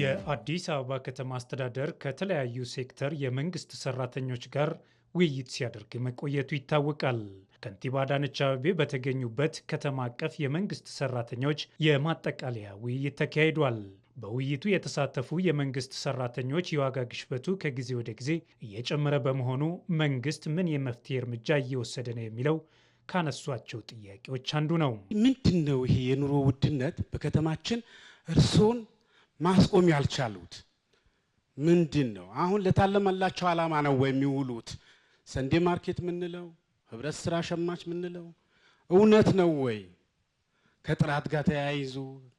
የአዲስ አበባ ከተማ አስተዳደር ከተለያዩ ሴክተር የመንግስት ሰራተኞች ጋር ውይይት ሲያደርግ መቆየቱ ይታወቃል። ከንቲባ አዳነች አቤቤ በተገኙበት ከተማ አቀፍ የመንግስት ሰራተኞች የማጠቃለያ ውይይት ተካሂዷል። በውይይቱ የተሳተፉ የመንግስት ሰራተኞች የዋጋ ግሽበቱ ከጊዜ ወደ ጊዜ እየጨመረ በመሆኑ መንግስት ምን የመፍትሄ እርምጃ እየወሰደ ነው የሚለው ካነሷቸው ጥያቄዎች አንዱ ነው። ምንድን ነው ይሄ የኑሮ ውድነት በከተማችን እርስዎን ማስቆም ያልቻሉት ምንድን ነው? አሁን ለታለመላቸው ዓላማ ነው የሚውሉት? ሰንዴ ማርኬት ምንለው፣ ህብረት ስራ ሸማች ምንለው እውነት ነው ወይ? ከጥራት ጋር ተያይዞ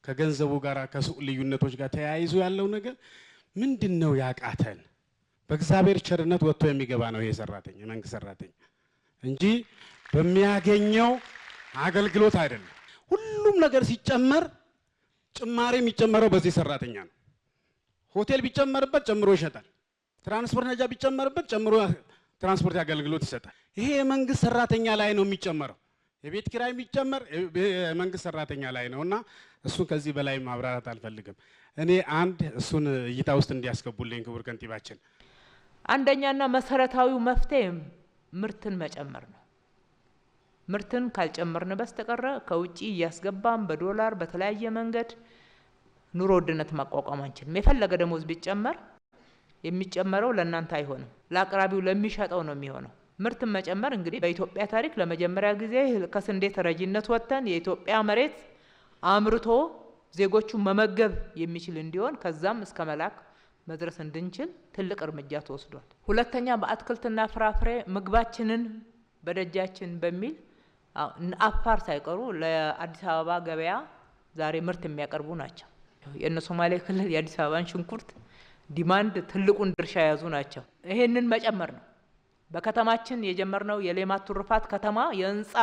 ከገንዘቡ ጋር ከሱቅ ልዩነቶች ጋር ተያይዞ ያለው ነገር ምንድን ነው ያቃተን? በእግዚአብሔር ቸርነት ወጥቶ የሚገባ ነው ይሄ ሰራተኛ፣ የመንግስት ሰራተኛ እንጂ በሚያገኘው አገልግሎት አይደለም። ሁሉም ነገር ሲጨመር ጭማሪ የሚጨመረው በዚህ ሰራተኛ ነው። ሆቴል ቢጨመርበት ጨምሮ ይሸጣል። ትራንስፖርት ነጃ ቢጨመርበት ጨምሮ ትራንስፖርት አገልግሎት ይሰጣል። ይሄ የመንግስት ሰራተኛ ላይ ነው የሚጨመረው። የቤት ኪራይ የሚጨመር የመንግስት ሰራተኛ ላይ ነው እና እሱን ከዚህ በላይ ማብራራት አልፈልግም። እኔ አንድ እሱን እይታ ውስጥ እንዲያስገቡልኝ ክቡር ከንቲባችን፣ አንደኛና መሰረታዊው መፍትሄ ምርትን መጨመር ነው። ምርትን ካልጨመርን በስተቀረ ከውጭ እያስገባን በዶላር በተለያየ መንገድ ኑሮ ውድነት ማቋቋም አንችልም። የፈለገ ደሞዝ ቢጨመር የሚጨመረው ለእናንተ አይሆንም፣ ለአቅራቢው ለሚሸጠው ነው የሚሆነው። ምርትን መጨመር እንግዲህ በኢትዮጵያ ታሪክ ለመጀመሪያ ጊዜ ከስንዴ ተረጂነት ወጥተን የኢትዮጵያ መሬት አምርቶ ዜጎቹ መመገብ የሚችል እንዲሆን ከዛም እስከ መላክ መድረስ እንድንችል ትልቅ እርምጃ ተወስዷል። ሁለተኛ በአትክልትና ፍራፍሬ ምግባችንን በደጃችን በሚል አፋር ሳይቀሩ ለአዲስ አበባ ገበያ ዛሬ ምርት የሚያቀርቡ ናቸው። የእነ ሶማሌ ክልል የአዲስ አበባን ሽንኩርት ዲማንድ ትልቁን ድርሻ የያዙ ናቸው። ይሄንን መጨመር ነው። በከተማችን የጀመርነው የሌማት ትሩፋት ከተማ የህንፃ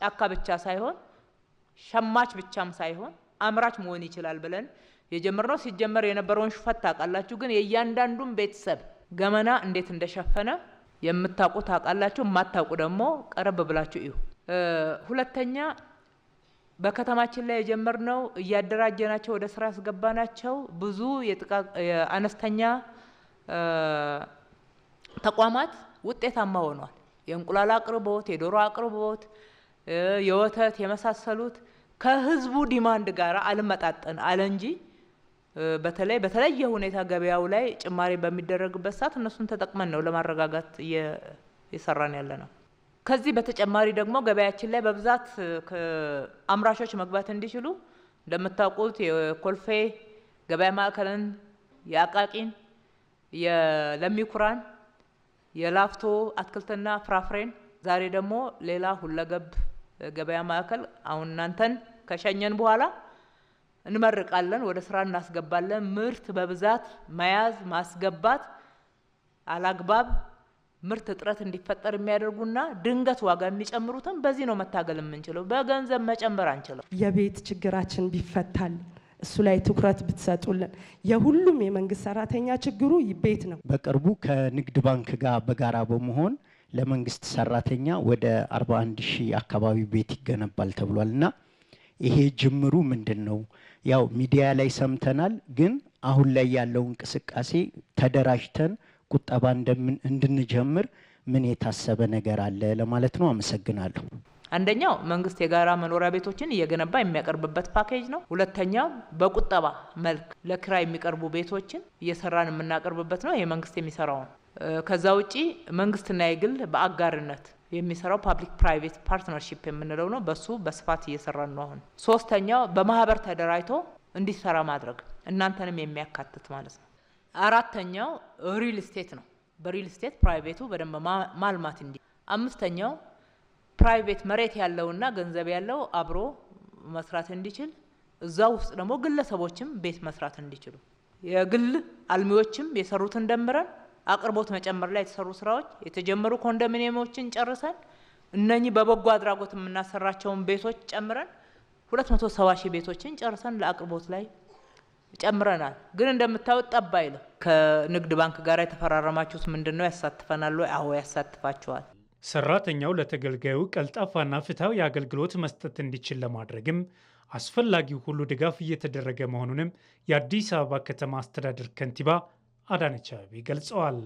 ጫካ ብቻ ሳይሆን ሸማች ብቻም ሳይሆን አምራች መሆን ይችላል ብለን የጀመርነው ሲጀመር የነበረውን ሹፈት ታውቃላችሁ። ግን የእያንዳንዱን ቤተሰብ ገመና እንዴት እንደሸፈነ የምታውቁ ታውቃላችሁ። የማታውቁ ደግሞ ቀረብ ብላችሁ ይሁ ሁለተኛ በከተማችን ላይ የጀመርነው እያደራጀናቸው ወደ ስራ ያስገባናቸው ብዙ የአነስተኛ ተቋማት ውጤታማ ሆኗል። የእንቁላል አቅርቦት፣ የዶሮ አቅርቦት፣ የወተት የመሳሰሉት ከህዝቡ ዲማንድ ጋር አልመጣጠን አለ እንጂ በተለይ በተለየ ሁኔታ ገበያው ላይ ጭማሪ በሚደረግበት ሰዓት እነሱን ተጠቅመን ነው ለማረጋጋት እየሰራን ያለ ነው። ከዚህ በተጨማሪ ደግሞ ገበያችን ላይ በብዛት አምራቾች መግባት እንዲችሉ እንደምታውቁት የኮልፌ ገበያ ማዕከልን፣ የአቃቂን፣ የለሚኩራን፣ የላፍቶ አትክልትና ፍራፍሬን ዛሬ ደግሞ ሌላ ሁለገብ ገበያ ማዕከል አሁን እናንተን ከሸኘን በኋላ እንመርቃለን፣ ወደ ስራ እናስገባለን። ምርት በብዛት መያዝ ማስገባት አላግባብ ምርት እጥረት እንዲፈጠር የሚያደርጉና ድንገት ዋጋ የሚጨምሩትን በዚህ ነው መታገል የምንችለው። በገንዘብ መጨመር አንችለው። የቤት ችግራችን ቢፈታል እሱ ላይ ትኩረት ብትሰጡልን። የሁሉም የመንግስት ሰራተኛ ችግሩ ቤት ነው። በቅርቡ ከንግድ ባንክ ጋር በጋራ በመሆን ለመንግስት ሰራተኛ ወደ 41 ሺህ አካባቢ ቤት ይገነባል ተብሏል እና ይሄ ጅምሩ ምንድን ነው? ያው ሚዲያ ላይ ሰምተናል፣ ግን አሁን ላይ ያለው እንቅስቃሴ ተደራጅተን ቁጠባ እንድንጀምር ምን የታሰበ ነገር አለ ለማለት ነው። አመሰግናለሁ። አንደኛው መንግስት የጋራ መኖሪያ ቤቶችን እየገነባ የሚያቀርብበት ፓኬጅ ነው። ሁለተኛው በቁጠባ መልክ ለክራ የሚቀርቡ ቤቶችን እየሰራን የምናቀርብበት ነው። ይህ መንግስት የሚሰራው ነው። ከዛ ውጪ መንግስትና የግል በአጋርነት የሚሰራው ፓብሊክ ፕራይቬት ፓርትነርሺፕ የምንለው ነው። በሱ በስፋት እየሰራን ነው። አሁን ሶስተኛው በማህበር ተደራጅቶ እንዲሰራ ማድረግ እናንተንም የሚያካትት ማለት ነው። አራተኛው ሪል ስቴት ነው። በሪል ስቴት ፕራይቬቱ በደንብ ማልማት እንዲ አምስተኛው ፕራይቬት መሬት ያለውና ገንዘብ ያለው አብሮ መስራት እንዲችል እዛ ውስጥ ደግሞ ግለሰቦችም ቤት መስራት እንዲችሉ የግል አልሚዎችም የሰሩትን ደምረን አቅርቦት መጨመር ላይ የተሰሩ ስራዎች የተጀመሩ ኮንዶሚኒየሞችን ጨርሰን እነኚህ በበጎ አድራጎት የምናሰራቸውን ቤቶች ጨምረን ሁለት መቶ ሰባ ሺህ ቤቶችን ጨርሰን ለአቅርቦት ላይ ጨምረናል። ግን እንደምታዩት ጠባይ ነው። ከንግድ ባንክ ጋር የተፈራረማችሁት ምንድን ነው? ያሳትፈናል ወይ? አዎ ያሳትፋችኋል። ሰራተኛው ለተገልጋዩ ቀልጣፋና ፍትሐዊ አገልግሎት መስጠት እንዲችል ለማድረግም አስፈላጊው ሁሉ ድጋፍ እየተደረገ መሆኑንም የአዲስ አበባ ከተማ አስተዳደር ከንቲባ አዳነች አቤቤ ገልጸዋል።